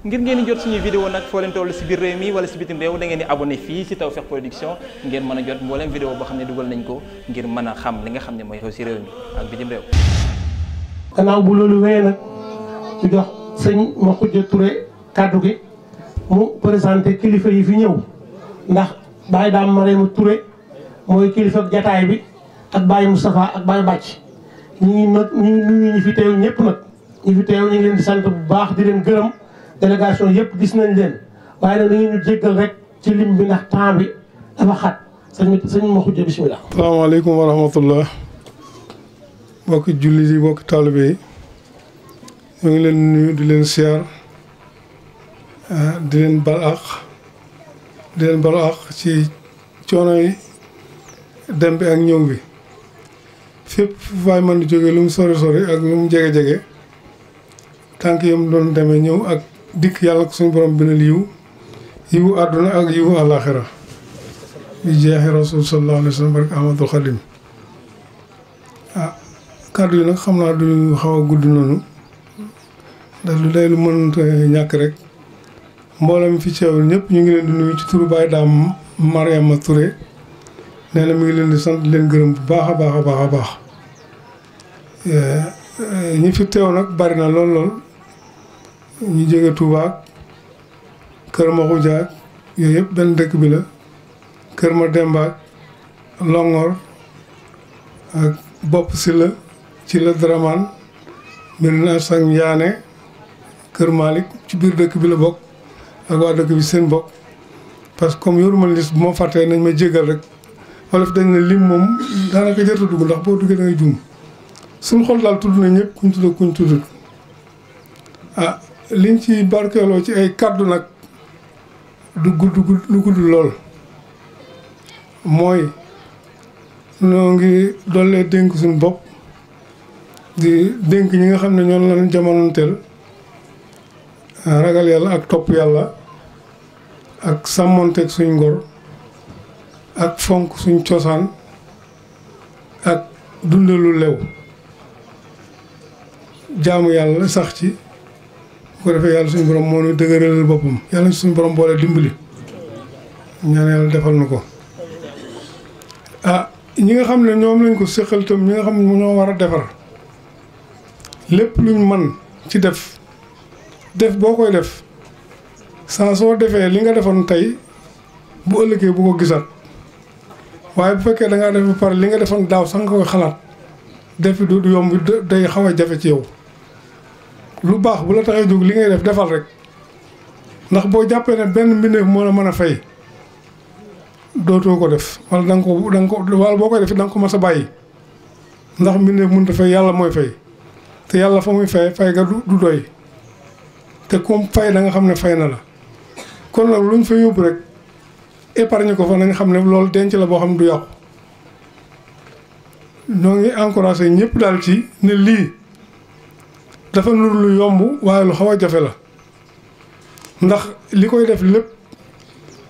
ngir ngeen di jot suñuy vidéo nag foo leen toll si biir réew mi wala si bitim réew da di abonné fii si Tawfekh Production ngeen mën a jot mbooleem vidéo boo xam ne dugal nañ ko ngir mën a xam li nga xam ne mooy xew si réew mi ak bitim réew gannaaw bu loolu wéyee nag ñu jox gi mu présenté kilifa yi fi ñëw ndax Baye Dame Marème Touré mooy kilifa jataay bi ak Baye Moustapha ak Baye Bàcc ñu ngi nag ñu ñu fi teew ñëpp nag ñu fi teew ñu ngi leen di sant bu baax di leen gërëm délégation yëpp gis nañ leen waaye nag dañu ñu jéggal rek ci lim bi ndax temps bi dafa xat sëñ bi sëñ ma xujja bisimilah. salaamaaleykum wa rahmatullah mbokki jullit yi mbokki taalibe yi ñoo ngi leen nuyu di leen siyaar ah, di leen bal àq di leen bal àq ci coono yi dem bi ak ñëw bi fépp faay mën di jógee lu mu sori sori ak lu mu jege jege tànk yi mu doon demee ñëw ak dikk yàlla ko suñu borom beneen yiw yiw àdduna ak yiw àllaaxira bi jeexi rasul sallallahu alayhi wa sallam barke ah, kàddu yi nag xam naa duñu xaw a gudd noonu ndax lu day lu mënta ñàkk rek mboolem fi teewul ñëpp ñu ngi leen di nuyu ci turu Baye Dame Mariama ture nee na mi ngi leen di sant leen gërëm bu baax a baax a baax a baax eh, eh, ñi fi teew nag bari na lool lool ñu jóge Touba Kër Makhoudia yooyu yëpp benn dëkk bi la Kër Mademba Longor ak Bopp Sila ci la Dramane Medina san Yaane Kër Malick ci biir dëkk bi la bokk ak waa dëkk bi seen bokk parce que comme yoruma liste bu ma fàttee nañ ma jégal rek wolof dañ ne lim moom daanaka jarta dugg ndax boo duggee da ngay juum xol daal tudd na ñëpp kuñ tudd kuñ tuddut ah, liñ ci barkeeloo ci ay kàddu nag du gudd lu gudd lool mooy ñoo ngi dollee dénk suñ bopp di dénk ñi nga xam ne ñoo lañ jamonoonteel ragal yàlla ak topp yàlla ak sàmmonteeg suñ ngor ak fonk suñ cosaan ak dundalu lew jaamu yàlla sax ci bu ko defee yàlla suñu borom moo ñu dëgëralal boppam yàlla suñu borom boole dimbali ñaan yàlla defal na ko ah ñi nga xam ne ñoom lañ ko séqal ñi nga xam ne ñoo war a defar lépp luñ man ci def def boo koy def saa soo defee li nga defoon tey bu ëllëgee bu ko gisaat waaye bu fekkee da ngaa def ba pare li nga defoon daaw sax nga koy xalaat def bi du yomb day xaw a jafe ci yow lu baax bu la taxee jóg li ngay def defal rek ndax boo jàppee ne benn mbindeef moo la mën a fay dootoo ko def wala da ko da ko wala boo koy def da ko mas a bàyyi ndax mbindeef mënut a fay yàlla mooy fay te yàlla fa muy fay fay ga du doy te comme fay da nga xam ne fay na la kon lu ñu fa yóbbu rek épargne ko fa na nga xam ne loolu denc la boo xam ne du yàqu ñoo ngi encouragé ñëpp daal ci ne lii. dafa nur lu yomb waaye lu xaw a jafe la ndax li koy def lépp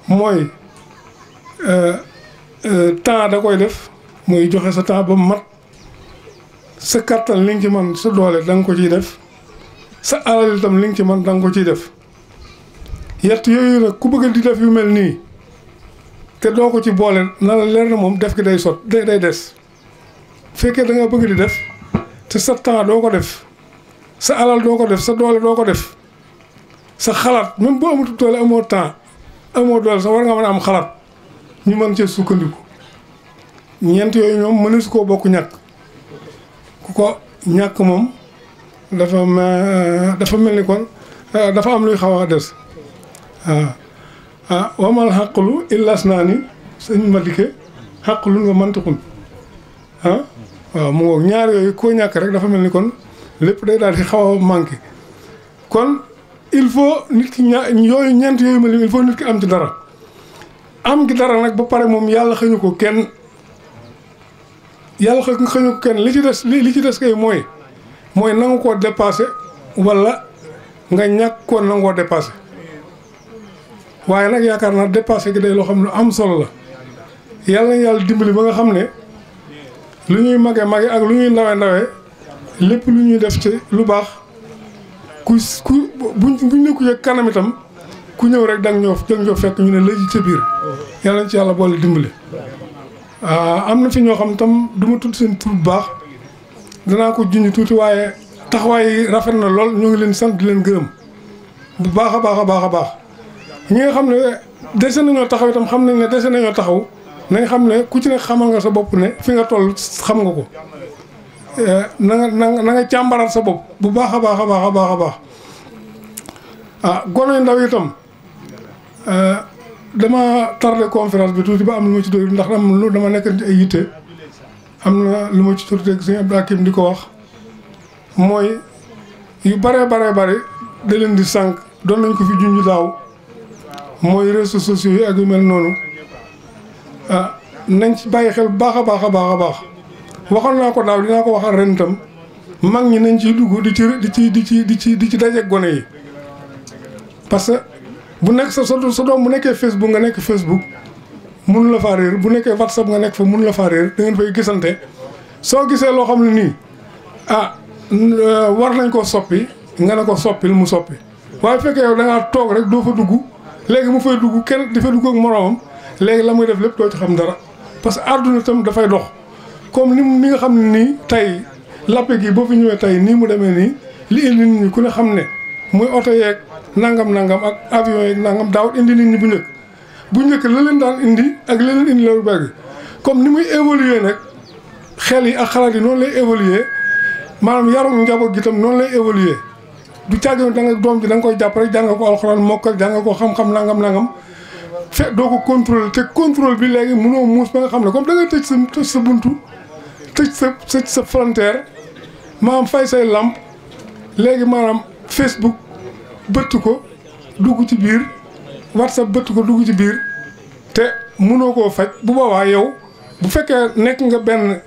mooy euh, euh, temps da koy def muy joxe sa temps ba mat sa kàttan li nga ci man sa doole da nga ko ciy def sa alal itam li nga ci man da ko ciy def yett yooyu nag ku bëgg di def yu mel nii te doo ko ci boole na la leer na moom def ki day sot day day des fekkee da bëgg di def te sa temps doo ko def sa alal doo ko def sa doole doo ko def sa xalaat même boo amatul doole amoo temps amoo doole sax war nga mën am xalaat ñu mën cee sukkandiku ñeent yooyu ñoom mënees koo bokk ñàkk ku ko ñàkk moom dafa ma mel ni kon eh, dafa am luy xaw a des waaw ah, ah xàqlu illas naa ni sëñ ma dikke xàqlu nga mantuxun ah waaw yooyu koo ñàkk rek dafa mel ni kon lépp day daal ci xaw a manqué kon il faut nit ki ña yooyu ñeent yooyu ma lim il faut nit ki am ci dara am gi dara nag ba pare moom yàlla xëñu ko kenn yàlla xëñu ko kenn li ci des li ci des kay mooy mooy nangu koo dépassé walla nga ñàkk koo nangoo dépassé waaye nag yaakaar naa dépassé gi day loo xam ne am solo la yàlla na yàlla dimbali ba nga xam ne lu ñuy mage mage ak lu ñuy ndawe ndawe lépp lu ñuy def ci lu baax ku ku buñ buñ ne ku yëg kanam itam ku ñëw rek dang ñoo dang ñoo fekk ñu ne léegi ca biir yàlla ci yàlla boole dimbali. Ah, am na fi ñoo xam tam du ma seen tur bu baax danaa ko junj tuuti waaye taxawaay rafet na lool ñoo ngi leen sant di leen gërëm bu baax a baax a baax a baax ñi nga xam ne dese nañoo taxaw itam xam nañ ne dese nañoo taxaw nañ xam ne ku ci ne xamal nga sa bopp ne fi nga toll xam nga ko. Eh, na nga na nga càmbaral sa bopp bu baax a baax a baax a baax a baax ah gone ndaw itam eh, dama tardé conférence bi tuuti ba am lu ma ci dóor ndax am lu dama nekk ay yitte am lu ma ci dóor dégg sëñ Abdou Hakim di ko wax mooy yu baree bare bari da leen di sànq doon nañ ko fi junj daaw mooy réseaux sociaux yi ak yu mel noonu ah, nañ ci bàyyi xel bu baax a baax a baax a baax waxoon naa ko daaw dinaa ko waxal ren itam mag ñi nañ ciy dugg di ci di ci di ci di ci di ci dajeeg gone yi parce que bu nekk sa sa doom bu nekkee Facebook nga nekk Facebook mun la faa réer bu nekkee WhatsApp nga nekk fa mun la faa gisante soo gisee loo xam ne nii ah euh, war nañ koo soppi nga ne ko soppil mu soppi waaye fekkee yow da toog rek doo fa dugg léegi mu fay dugg kenn dafay dugg ak moroomam léegi la muy def lépp doo ci xam dara parce que àdduna tam dafay dox. comme ni ni nga xam ne nii tey lappe gi boo ñëwee tey nii mu demee nii li ku ne xam ne muy oto yeeg nangam nangam ak avion nangam daawut indi nit ñi bu bu njëkk la leen daan indi ak la leen indi loolu comme ni muy évoluer nag xel yi ak xalaat yi noonu lay évoluer maanaam yarum njaboot gi tam noonu lay évoluer du caagin da nga doom ji da koy jàpp rek jàng ko alxuraan mokkal jàng ko xam-xam nangam nangam. fe doo ko contrôler te contrôle bi léegi mënoo muus ba nga xam ne comme da ngay tëj sa sa buntu tëj sa tëj sa frontière maanaam fay say lamp léegi maanaam Facebook bëtt ko dugg ci biir WhatsApp bëtt ko dugg ci biir te mënoo koo faj bu boobaa yow bu fekkee nekk nga benn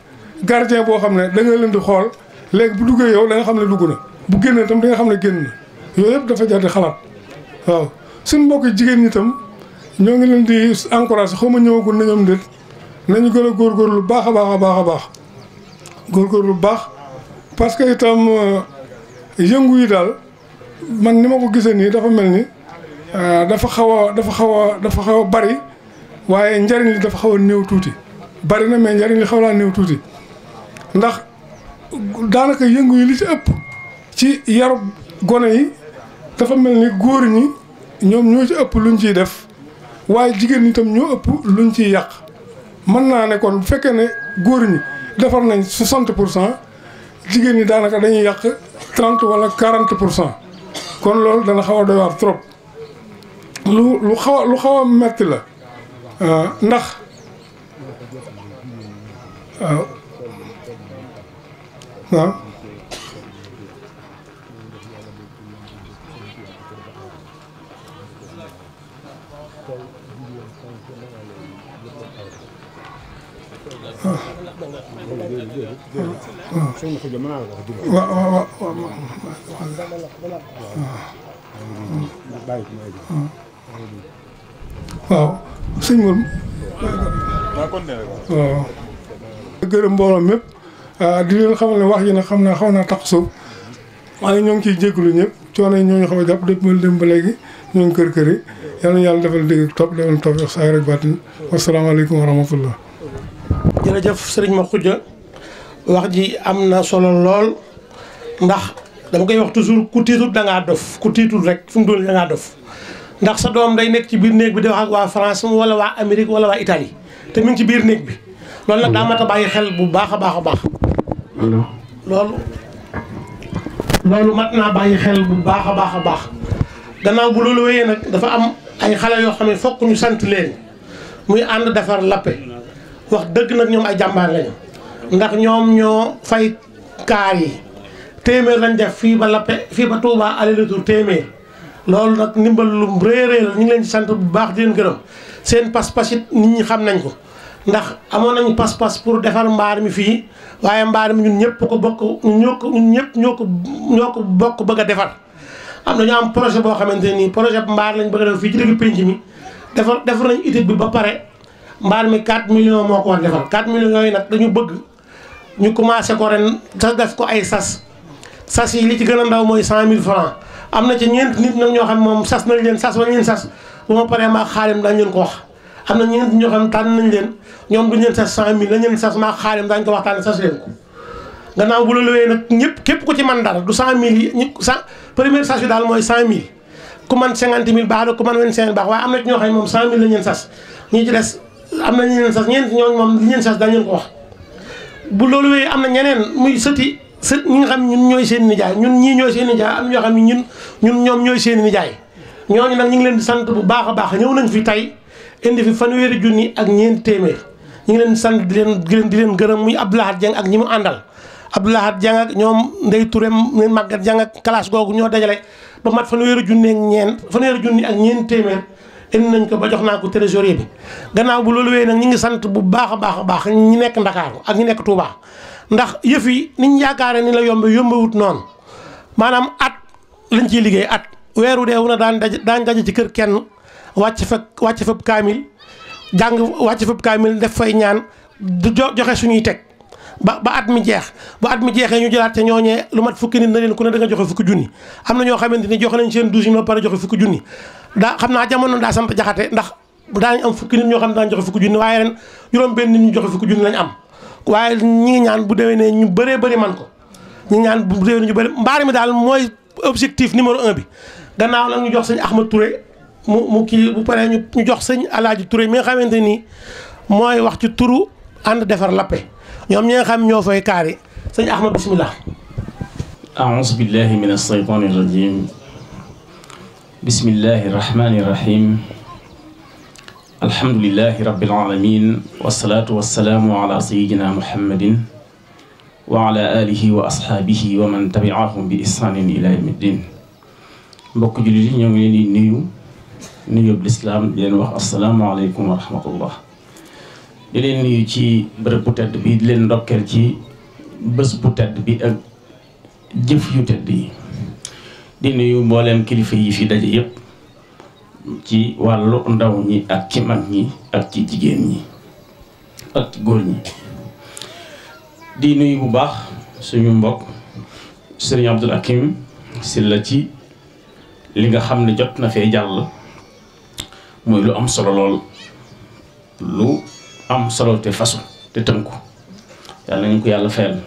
gardien boo xam ne dangay leen di xool léegi bu duggee yow da xam ne dugg na bu génnee tam da nga xam ne génn na yooyu yëpp dafa jar di xalaat waaw suñ mbokk jigéen ñi tam ñoo ngi leen di encouragé xaw ma ñëwagul na ñoom déet nañu gën a góor góorgóorlu baax a baax a baax a baax góorgóorlu bu baax parce que itam euh, yëngu yi daal man ni ma ko gisee nii dafa mel ni euh, dafa xaw a dafa xaw a dafa xaw a bari waaye njariñ li dafa xaw a néew tuuti bari na mais njariñ li xaw laa néew tuuti ndax daanaka yëngu yi li ci ëpp ci yarub gone yi dafa mel ni góor ñi ñoom ñoo ci ëpp luñ ciy def waaye jigéen ñi itam ñu ëpp luñ ciy yàq mën naa ne kon bu fekkee ne góor ñi defar nañ 60 pour cent jigéen ñi daanaka dañuy yàq 30 wala 40 pour cent kon loolu dana xaw a doy waar trop lu lu xaw lu xaw a metti la euh, ndax euh, waaw waaw sëñ Mor waaw gërëm mbooloo mépp ah, di leen xamal ne wax yi nag xam naa xaw naa tax suuf waaye ñoo ngi ciy jégalu ñëpp coono yi ñoo ñu xaw a jàpp depuis dem ba léegi ñoo ngi kër kër yi yal na yàlla defal dégg topp defal topp ak saa yor ak bàttin wasalaamaaleykum wa rahmatullah jërëjëf sëriñ Ma Khoudia wax ji am na solo lool ndax dama koy wax toujours ku dangaa da ngaa dof ku rek fu mu doon da ngaa dof ndax sa doom day nekk ci biir néeg bi di wax ak waa wala waa Amérique wala waa te mu ci biir néeg bi. loolu nag daa mat a bàyyi xel bu baax a baax a baax. loolu. loolu mat naa bàyyi xel bu baax a baax a baax gannaaw bu loolu wéyee nag dafa am ay xale yoo xam ne fokk ñu sant leen muy ànd defar lappe wax dëgg nag ñoom ay jàmbaar lañu. ndax ñoom ñoo fay kaar yi téeméer lañ def fii ba Lappe fii ba Touba aller retour téeméer loolu nag ndimbal lu réeréer la ñu ngi leen ci sant bu baax di leen gërëm seen pas-pas it nit ñi xam nañ ko ndax amoon nañu pas-pas pour defar mbaar mi fii waaye mbaar mi ñun ñëpp ko bokk ñoo ko ñun ñëpp ñoo ko ñoo ko bokk bëgg a defar. am na ñu am projet boo xamante ne nii projet mbaar lañ bëgg a def fii ci digg pénc mi defar defar nañu étude bi ba pare mbaar mi 4 millions moo ko war defar 4 millions nag dañu bëgg. ñu commencé ko ren sa def ko ay sas sas yi li ci gën a ndaw mooy cent mille francs am na ci ñeent nit nag ñoo xam moom sas nañ leen sas wala leen sas bu ma paree ko wax am na ñeent ñoo xam tànn leen ñoom duñ leen sas cent mille lañ sas maa xaalim daañu ko waxtaan sas leen ko bu la lowee ñëpp képp ku ci man dara du cent mille yi ñu mooy cent mille ku man cinquante mille baax na na ci moom cent mille lañ leen des am na ñu leen sas ñeent ñooñu moom li leen sas daañ leen ko wax bu loolu wéyee am na ñeneen muy sëti sët ñi nga xam ñun ñooy seen nijaay ñun ñii ñooy seen nijaay am na xam ne ñun ñun ñoom ñooy seen nijaay ñooñu nag ñu ngi leen di sant bu baax a baax ñëw nañu fi tey indi fi fan fanweeri junni ak ñeenti téeméer ñu ngi leen sant di leen di leen gërëm muy Abdoulahat Dieng ak ñi mu àndal Abdoulahat Dieng ak ñoom ndey Touré Maguette Dieng ak classe googu ñoo dajale ba mat fanweeri junni ak ñeent fanweeri junni ak ñeenti téeméer indi nañ ko ba jox naa ko trésorier bi gannaaw bu loolu wéyee nag ñu ngi sant bu baax a baax a baax ñi nekk Ndakaaru ak ñi nekk Touba ndax yëf yi niñ yaakaare ni la yomb yombawut noonu maanaam at lañ ciy liggéey at weeru deewu na daan daj daan daje ci kër kenn wàcc fa wàcc fa kaamil jàng wàcc fa kaamil def fay ñaan du joxe suñuy teg ba ba at mi jeex ba at mi jeexee ñu jëlaat ca ñooñee lu mat fukki nit na leen ku ne da joxe fukki junni am na ñoo xamante ni joxe nañ seen douze mille ba joxe fukki junni daa xam naa jamono daa samp jaxate ndax daañu am fukki nit ñoo xam ne daañu joxe fukki junni waaye ren juróom benn nit ñu joxe fukki junni lañu am waaye ñi ngi ñaan bu déwénee ñu bëree bëri man ko ñi ñaan bu déwénee ñu bëri mbaar mi daal mooy objectif numéro un bi gannaaw nag ñu jox sañ Ahmad Touré mu mu kii bu paree ñu jox sëñ Alaaji Touré mi nga xamante nii mooy wax ci turu ànd defar lappe ñoom ñi nga xam ñoo fay kaari sëñ Ahmad bismillah a'uuzu billahi mina shaytaani rajiim bismillahi irrahmani irrahim alhamdulilahi rabilalamin wasalaatu wasalaamu ala sayidina muhammadin wa ala alihi wa asxaabihi wa man tabiahum bi ihsaanin ila yawmi ddin mbokk jullit yi ñoo ngi leen di nuyu nuyób lislaam di leen wax asalaamualeykum wa rahmatullah di leen nuyu ci bërëb bu tedd bi di leen ndokkeel ci bés bu tedd bi ak jëf yu tedd yi di nuyu mbooleem kilifa yi fi daje yépp ci wàllu ndaw ñi ak ci mag ñi ak ci jigéen ñi ak ci góor ñi di nuyu bu baax suñu mbokk sëriñ Abdul Hakim Sylla ci li nga xam ne jot na fee jàll muy lu am solo lool lu am solo te fasu te tënku yàlla nañu ko yàlla fayal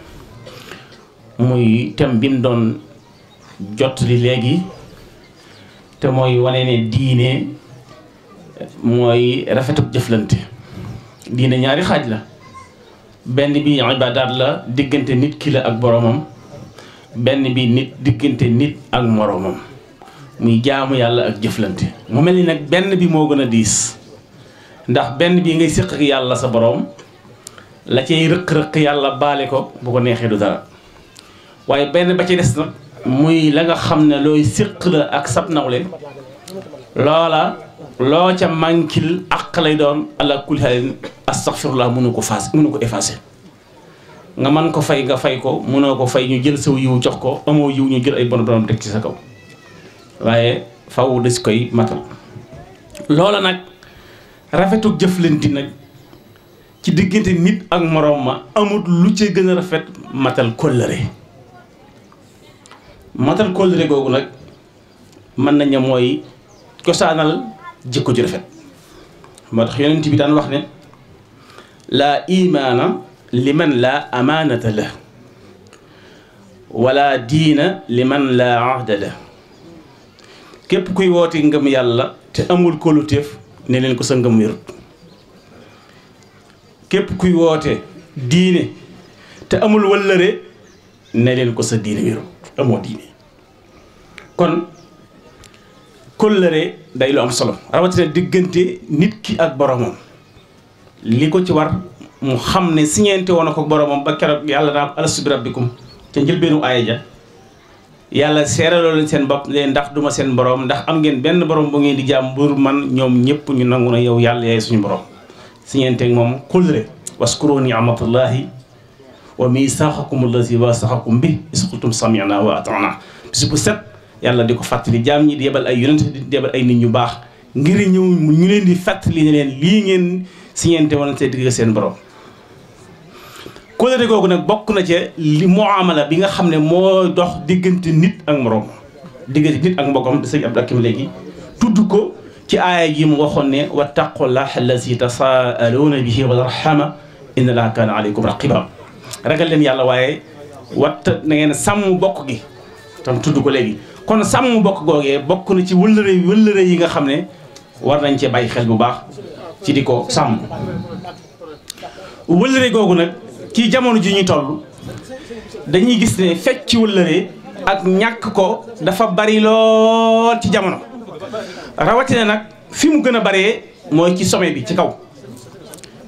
muy thème bi jot li léegi te mooy wane ne diine mooy rafetu jëflante diine ñaari xaaj la benn bi ibaadaat la diggante nit ki la ak benn bi nit diggante nit ak moromam muy jaamu yàlla ak jëflante mu mel ni nag benn bi moo gën a diis ndax benn bi ngay séq yàlla sa boroom la cay rëq-rëq yàlla baale ko bu ko neexee du dara waaye benn ba ci des nag muy la nga xam ne looy siq la ak sab nawle loola loo ca mankil àq lay doon ala kulli halin astaghfirullah mënu ko faas mënu ko effacer nga man ko fay nga fay ko mënoo ko fay ñu jël saw yiw jox ko amoo yiw ñu jël ay bon borom teg ci sa kaw waaye faw des koy matal loola nag rafetuk jëflanti nag ci diggante nit ak moroom ma amut lu ci gën a rafet matal kóllëre matal kóllëre googu nag mën nañ mooy cosaanal jikko ju rafet moo tax yonent bi daan wax ne laa imaana liman laa amaanata la wala diina liman laa ahda la képp kuy woote ngëm yàlla te amul kóoluteef ne leen ko sa ngëm wérut képp kuy woote diine te amul wëllëre ne leen ko sa diine wérut te moo diine kon kóllëre day lu am solo rawatina diggante nit ki ak boromam li ko ci war mu xam ne siñeente woon na ko boromam ba keroog yàlla naa alastu bi rabbikum ca njëlbeenu aaya ja yàlla seeraloo leen seen bopp leen ndax duma seen borom ndax am ngeen benn borom ba ngeen di jaam bur man ñoom ñëpp ñu nangu na yow yàlla yaay suñu borom siñeenteeg moom kóllëre waskuroo ni'matullahi wa miisaaxakum allazi waasaxakum bi isqultum samina wa atana bis bu set yàlla di ko fàttali jaam ñi di yebal ay yonent di yebal ay nit ñu baax ngir ñëw ñu leen di fàttali ne leen lii ngeen siñeente woon seen digg seen borom. kóllëre googu nag bokk na ci li muamala bi nga xam ne moo dox diggante nit ak morom diggante ak mbokkam di sëñ Abdou Hakim léegi tudd ko ci aaya yi mu waxoon ne wa wattaqullaha allazi tasaaluuna bihi wal arhama inna allaha kaana aleykum raqiba ragal leen yàlla waaye watt na ngeen sàmm bokk gi tam tudd ko léegi kon sàmm bokk googee bokk na ci wëllëre wëllëre yi nga xam ne war nañ cee bàyyi xel bu baax ci di ko sàmm wëllëre googu nag ci jamono ji ñu toll dañuy gis ne fecc wëllëre ak ñàkk ko dafa bari lool ci jamono rawatina nag fi mu gën a baree mooy ci sommet bi ci kaw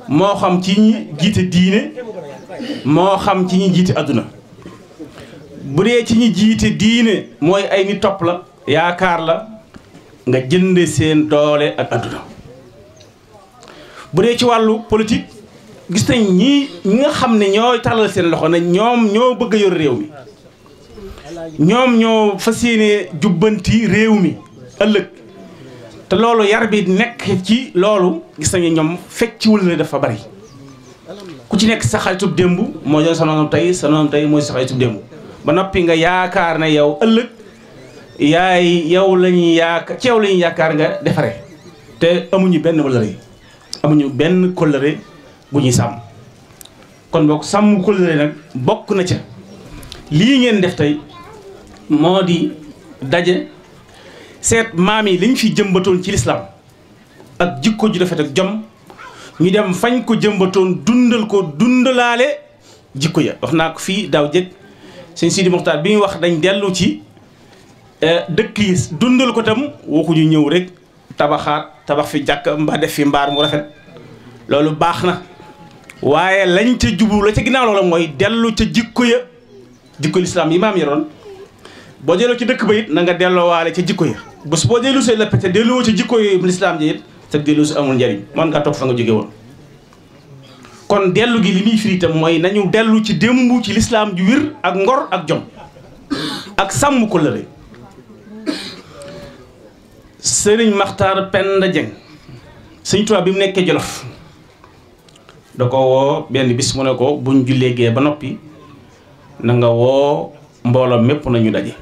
moo xam ci ñi jiite diine moo xam ci ñi jiite àdduna bu dee ci ñi jiite diine mooy ay ni topp la yaakaar la nga jënd seen doole ak àdduna bu dee ci wàllu politique gis nañ ñii ñi nga xam ne ñoo tàllal seen loxo na ñoom ñoo bëgg a yor réew mi ñoom ñoo fas yéene jubbanti réew mi ëllëg te loolu yar bi nekk ci loolu gis nañu ñoom fekkiwul ne dafa bari ci nekk sa démb moo doon sa noonu tey sa noonu tey mooy sa xaritub démb ba noppi nga yaakaar ne yow ëllëg yaay yow lañuy ñuy yaakaar ci yow la yaakaar nga defare te amuñu benn wëllëre amuñu benn kóllëre bu ñuy sàmm kon boog sàmm kóllëre nag bokk na ca lii ngeen def tey moo di daje seet maam yi liñ fi jëmbatoon ci lislaam ak jikko ju rafet ak jom ñu dem fañ ko jëmbatoon dundal ko dundalaale jikko ya wax naa ko fii daaw jëkk sëñ Sidi Moxtaar bi ñu wax dañ dellu ci eh, dëkk yi dundal ko tam waxuñu ñëw rek tabaxaat tabax fi jàkk mba def fi mbaar mu rafet loolu baax na waaye lañ ca jublu la ca ginnaaw loola mooy dellu ca jikko ya jikko lislaam yi maam yoroon boo delloo ci dëkk ba it na nga delloowaale ca jikko ya bés boo dellu see lépp te delloo ca jikko yi lislaam ji it sa dellu si amul njariñ man ngaa toog fa nga jóge woon kon dellu gi li muy tam mooy nañu dellu ci démb ci lislaam ju wir ak ngor ak jom ak sàmm ko lëre sëriñ maxtar penda jeng sëñ Tuubaa bi mu nekkee jolof da ko woo benn bis mu ne ko buñ jullee gee ba noppi na nga woo mbooloo mépp nañu daje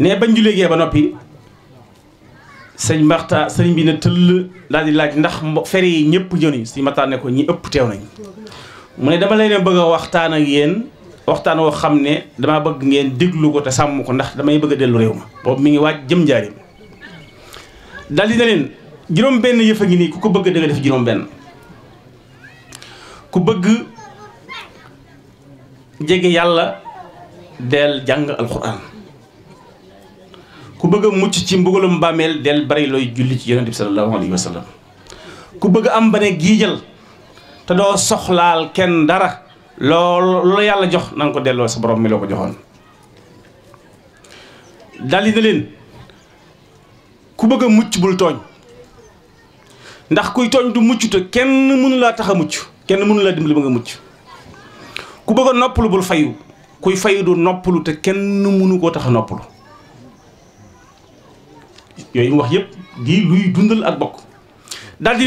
ne bañ jullee gee ba noppi sëñ Maxtaar sëriñ bi ne tëll daal di laaj ndax fere yi ñëpp ñëw nañu sëñ Maxtaar ne ko ñi ëpp teew nañ mu ne dama leen bëgg a waxtaan a yéen waxtaan woo xam ne damaa bëgg ngeen déglu ko te sàmm ko ndax damay bëgg a dellu réew ma boobu mi ngi waaj jëm njaarim daal di ne leen juróom benn yëf ngi nii ku ko bëgg dëgg def juróom benn ku bëgg jege yàlla del jàng alxuraan ku bëgg a mucc ci mbugalum bàmmeel del bari looy julli ci yonent bi sallallahu alayhi wa sallam ku bëgg am ba ne giijal te doo soxlaal kenn dara lool loola yàlla jox na ko delloo sa borom mi loo ko joxoon daldi na leen ku bëgg a mucc bul tooñ ndax kuy tooñ du mucc te kenn mënu laa tax a mucc kenn mënu laa dimbali ba nga mucc ku bëgg a noppalu bul fayu kuy fayu du noppalu te kenn mënu koo tax a noppalu yooyu mu wax yëpp di luy dundal ak bokk daal di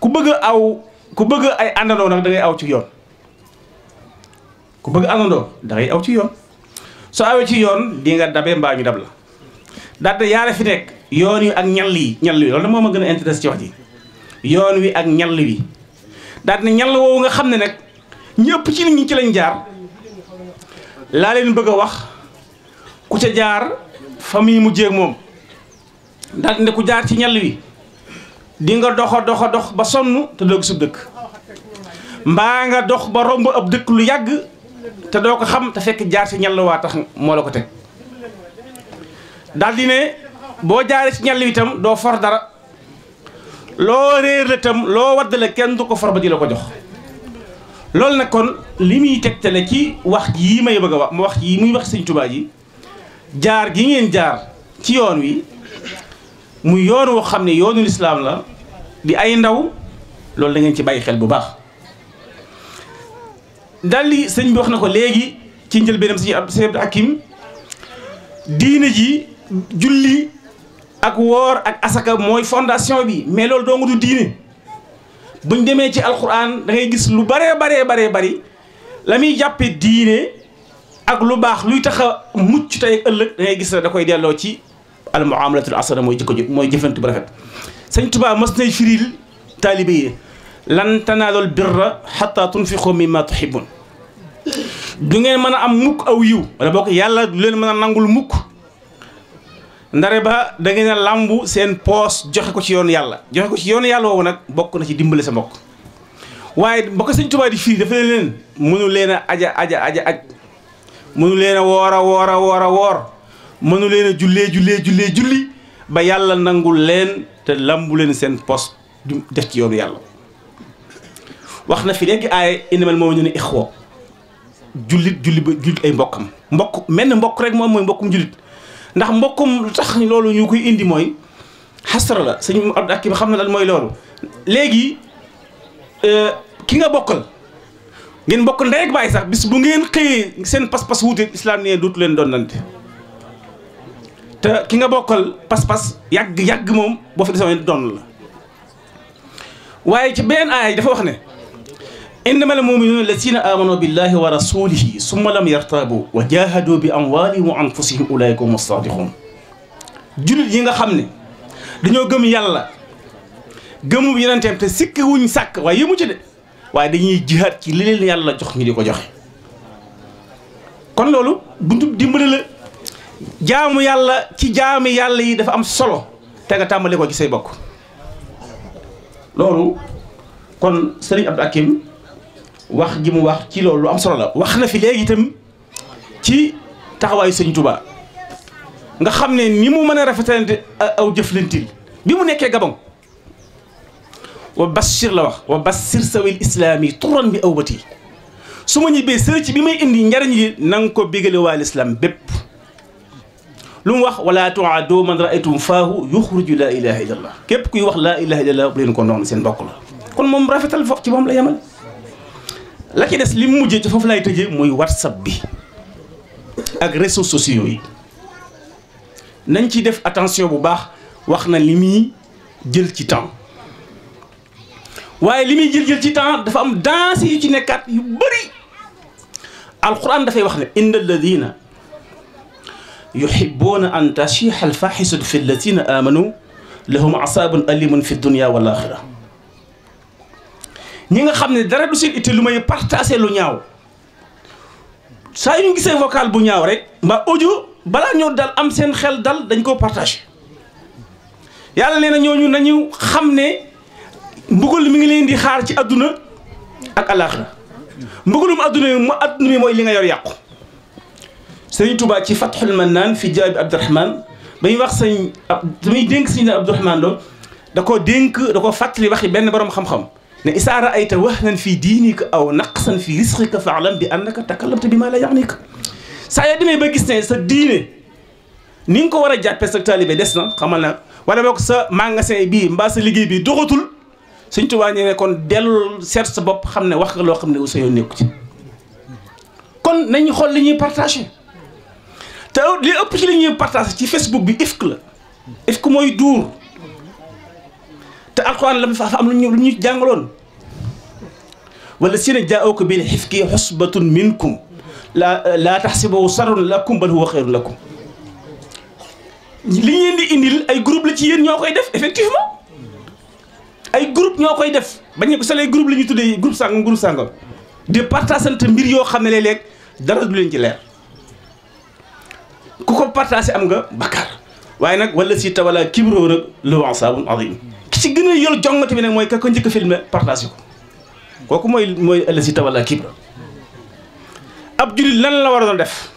ku bëgg aw ku bëgg ay àndandoo nag da aw ci yoon ku bëgg àndandoo da aw ci yoon soo awee ci yoon di nga dabe mbaa ñu dab la daal di yaara fi nekk yoon wi ak ñal yi ñall wi loolu da moo ma gën a intéressé ci yoon wi ak ñall wi daal di ñall woowu nga xam ne nag ñëpp ci nit ñi ci lañ jaar laa leen bëgg a wax ku ca jaar famille mu jéeg moom daal ne jaar ci ñal wi di nga doxa doxa dox ba sonn te doo gisub dëkk mbaa nga dox ba ab dëkk lu yàgg te doo ko xam jaar ci ñal tax moo la ko teg daal ne boo jaaree ci ñal wi itam doo for dara loo réer la itam loo waddale kenn du ko for ba di la ko jox loolu nag kon li muy tegtale ci wax yii may bëgg a wax wax yii muy wax sëñ Tuubaa jaar gi ngeen jaar ci yoon wi mu yoon woo xam ne yoonu lislaam la di ay ndaw loolu da ci bàyyi xel bu baax dal li sëñ bi wax na ko léegi ci njëlbeenam sëñ ab sëñ Hakim diine ji julli ak woor ak asaka mooy fondation bi mais loolu doo nga du diine buñ demee ci alquran dangay gis lu baree baree baree bari la muy jàppe diine ak lu baax luy tax mucc tey ëllëg da gis ne da koy delloo ci al muamalatul mooy jikko ji mooy jëfantu bu rafet sëñ Tuubaa mas nay firil taalibe yi lan tanaalul birra xataa tunfiqu mimma tuhibbun du ngeen mën a am mukk aw yiw wala bokk yàlla du leen mën a nangul mukk ndare ba dangeen a làmbu seen poos joxe ko ci yoon yàlla joxe ko ci yoon yàlla woowu nag bokk na ci dimbale sa mbokk waaye ba ko sëñ Tuubaa di firi dafa leen mënu leen a aja aja aja aj mënu leen a woor a woor woor mënu leen a jullee jullee jullee julli ba yàlla nangul leen te lambu seen pos du def ci yoonu yàlla wax na fi léegi aay innamal mu'minuuna ixwa jullit julli ba jullit ay mbokkam mbokk mel ne mbokk rek moom mooy mbokkum jullit ndax mbokkum lu tax loolu ñu koy indi mooy xasara la sëñ Abdou Akim xam na lan mooy loolu léegi euh, ki nga bokkal ngeen bokkal ndey ak baay sax bis bu ngeen xëyee seen pas-pas wuute islam ne dootu leen doon nante te ki nga bokkal pas-pas yàgg yàgg moom boo fi desee doon la waaye ci benn aaya dafa wax ne innamal mu'minuuna allaziina aamanu billahi wa rasulihi summa lam yartaabu wa jaahadu bi am amwaalihim wa anfusihim ulaa'ika humu saadiquun jullit yi nga xam ne dañoo gëm yàlla gëmu yenenteem te sikki sàkk waaye yëmu ci de waaye dañuy jihaat ci li leen yàlla jox ngi di ko joxe kon loolu buntu dimbali la jaamu yàlla ci jaami yàlla yi dafa am solo te nga tàmbali ko ci say bokk loolu kon sëriñ Abdou Hakim wax ji mu wax ci loolu am solo la wax na fi léegi itam ci taxawaayu sëñ tubaa nga xam ne ni mu mën a rafetante aw jëflantil bi mu nekkee Gabon wa Bachir la wax wa Bachir sawil islaam yi turan bi awbati su ma ñibbee sëriñ bi may indi njariñ yi na nga ko bégale lislaam bépp lu mu wax wala tuaadoo man raaytum faahu yuxruju laa ilaha illa allah képp kuy wax laa ilaha illa allah bu leen ko noonu seen bokk la kon moom rafetal foofu ci moom la yemal la ci des li mu mujjee ci foofu lay tëjee muy whatsapp bi ak réseaux sociaux yi nañ ci def attention bu baax wax na li muy jël ci temps waaye li muy jël jël ci temps dafa am danse yu ci nekkaat yu bëri alquran dafay wax ne inna alladina yuhibbuuna an tashiiha alfaxisatu fi allazina amanu lahum asaabun alimun fi dunya wal axira ñi nga xam ne dara du lu may partagé lu ñaaw saa yu ñu gisee bu ñaaw rek mbaa audio dal am seen xel dal dañ koo partagé yàlla nee na ñooñu nañu xam ne mbugal mi ngi leen di xaar ci adduna ak alaxira mbugalum adduna mi adduna mi mooy li nga yor yàqu sëriñ Touba ci Fathul naan fi Jaabi Abdourahman ba ñuy wax sëñ ab ba ñuy dénk sëñ Abdourahman loolu da koo dénk da koo fàttali waxi benn borom xam-xam ne isaa raayta wahnan fii diinika aw naqsan fii risqika lan bi annaka takallamta bi maa laa ya'nika sa yoo demee ba gis ne sa diine ni nga ko war a jàppee sa taalibe des na xamal na wala boog sa magasin bi mbaa sa liggéey bii doxatul Sëñ Tuubaa ñu kon dellul seet sa bopp xam ne wax nga loo xam ne wu yoon nekku ci te li ëpp ci li ñuy partagé ci Facebook bi ifk la ifk mooy duur te alxuraan la fa am lu ñu lu ñu jàngaloon wala si ne jaa'uuka bil ifki xusbatun minkum laa laa taxsibuhu sarrun lakum bal huwa xayrun lakum li ngeen di indil ay groupe la ci yéen ñoo koy def effectivement ay groupe ñoo koy def bañ ko sal ay groupe la ñuy tuddee groupe sàngam groupe sàngam de partagé te mbir yoo xam ne léeg-léeg dara du leen ci leer ku ko partagé am nga bakkaar waaye nag wala si tawala kibroo nag lu ansaabun aziim ki ci gën a yor jongante bi nag mooy ka ko njëkk a filmé ko kooku mooy mooy ëllëg si tawala kibra ab julit lan la war a doon def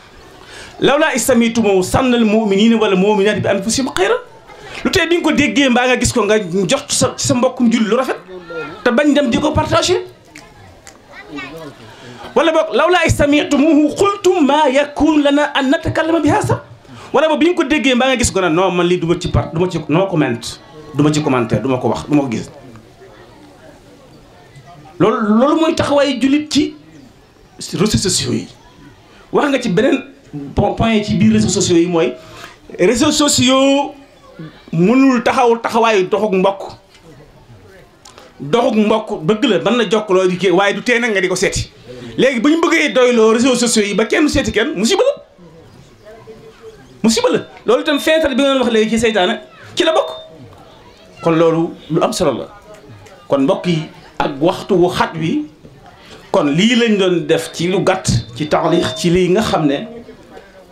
lawlaa istamitumoo sànnal muminina wala muminaat bi am fu si ma xëyra lu tey di ko déggee mbaa nga gis ko nga jox sa sa mbokkum julit lu rafet te bañ dem di ko partagé wala boog lawlaa istami'tumuhu qultum maa yakunu lanaa an natakallama bi haasa wala boog bi ñu ko déggee mbaa nga gis ko ne non man lii du ma ci par du ma ci no ko du ma ci commentaire du ko wax du ma ko gis loolu mooy taxawaayu jullit ci réseaux sociaux yi wax nga ci beneen point ci biir yi mooy réseaux sociaux mënul taxaw taxawaayu doxuk mbokk doxuk mbokk bëgg la mën na jokkaloo di kii waaye du tee nag nga di ko seeti léegi bu ñu bëggee doyloo réseaux sociaux yi ba kenn seeti kenn musiba la musiba la loolu itam feetal bi nga doon wax léegi ci seytaane ci la bokk kon loolu lu am solo la kon mbokk yi ak waxtu wu xat wi kon lii lañ doon def ci lu gàtt ci taarix ci lii nga xam ne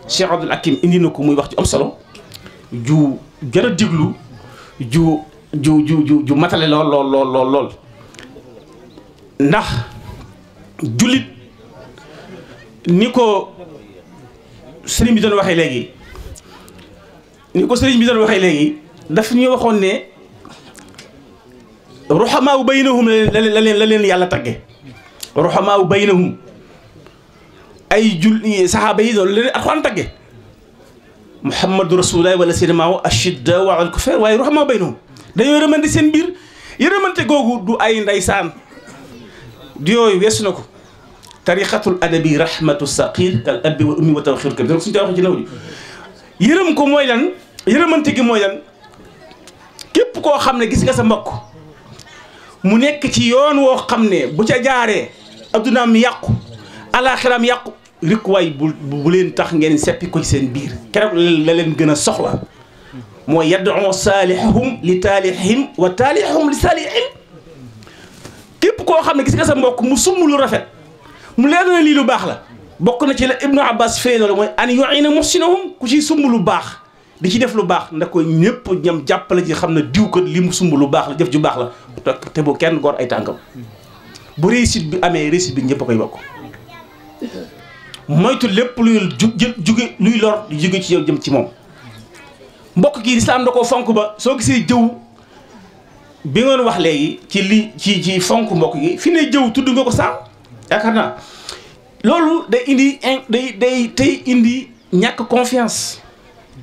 Cheikh Abdoul Hakim indi na ko muy wax ju am solo ju jar a diglu ju ju ju ju matale lool lool lool lool lool ndax jullit ni ko sëriñ bi doon waxee léegi ni ko sëriñ bi doon waxee léegi daf ñu waxoon ne ruhamaa baynahum la leen la leen yàlla tagge ruhamaa baynahum ay jul saxaaba yi doon leen alxuraan tagge muhammadu rasulullah wala sinamaaw ashidda wa al kufar waaye ruhamaa baynahum dañoo yërëmante seen biir yërëmante googu du ay ndeysaan du yooyu weesu na ko tariqatul adabi rahmatu saqir kal abbi wa ummi wa tawxir kabir donc suñu tawaxee ci nawju yërëm ko mooy lan yërëmante gi mooy lan képp koo xam ne gis nga sa mbokk mu nekk ci yoon woo xam ne bu ca jaaree addunaam yàqu alaxiraam yàqu rikkuwaay bu bu leen tax ngeen seppi ko ci seen biir keroog la leen gën a soxla mooy yad'u saalihahum li taalihihim wa taalihahum li saalihihim koo xam ne gis nga sa mbokk mu summ lu rafet mu leer na lii lu baax la bokk na ci la ibnu abbas feeñoo la mooy an yu'ina muhsinahum ku ci sumb lu baax di ci def lu baax nda ko ñëpp ñam jàppale ji xam ne diw ko li mu sumb lu baax la def ju baax la te bu kenn gor ay tànkam bu réussite bi amee réussite bi ñëpp koy bokk moytu lépp luy ju juge luy lor di jóge ci yow jëm ci moom mbokk gi lislaam da koo fonk ba soo gisee jëw bi ngeen wax léegi ci li ci ci fonk mbokk yi fi ne jëw tudd nga ko sànq yaakaar naa loolu day indi day day tey indi ñàkk confiance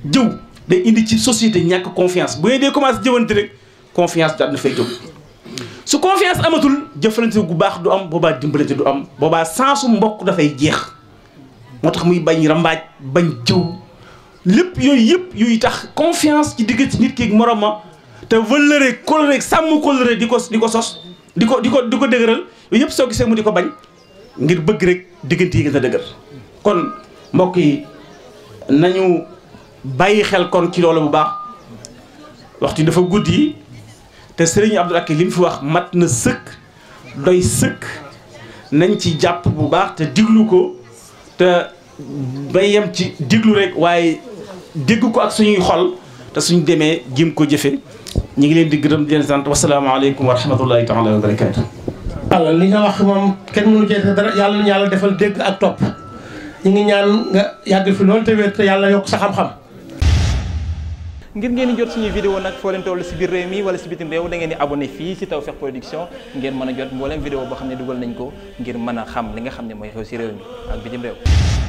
jëw day indi ci société ñàkk confiance bu ngeen dee commencé jëwante rek confiance daal na fay su confiance amatul jëflante gu baax du am boobaa dimbalante du am boobaa sensu mbokk dafay jeex moo tax muy bañ rambaaj bañ jëw lépp yooyu yëpp yuy tax confiance ci diggante nit ki ak moromam te wëllëre kóllëre sàmm kóllëre di ko di ko sos di ko di ko di ko dëgëral yëpp soo gisee mu di ko bañ ngir bëgg rek diggante yi gën a dëgër kon mbokk yi nañu bàyyi xel kon ci loolu bu baax waxtu dafa guddi te sëriñ Abdou Akim li mu fi wax mat na sëkk doy sëkk nañ ci jàpp bu baax te diglu ko te bay yem ci diglu rek waaye dégg ko ak suñuy xol te suñ demee jim ko jëfe ñu ngi leen di gërëm di leen sant wasalaamaaleykum wa rahmatullahi taala wa barakaatu. waaw li nga wax moom kenn mënu cee dara yàlla na yàlla defal dégg ak topp ñu ngi ñaan nga yàgg fi loolu te wet yàlla yokk sa xam-xam. ngir ngeen di jot suñuy vidéo nag foo leen toll si biir réew mi wala si bitim réew da ngeen di abonné fii si Tawfekh Production ngeen mën a jot mbooleem vidéo boo xam ne dugal nañ ko ngir mën a xam li nga xam ne mooy xew si réew mi ak bitim réew.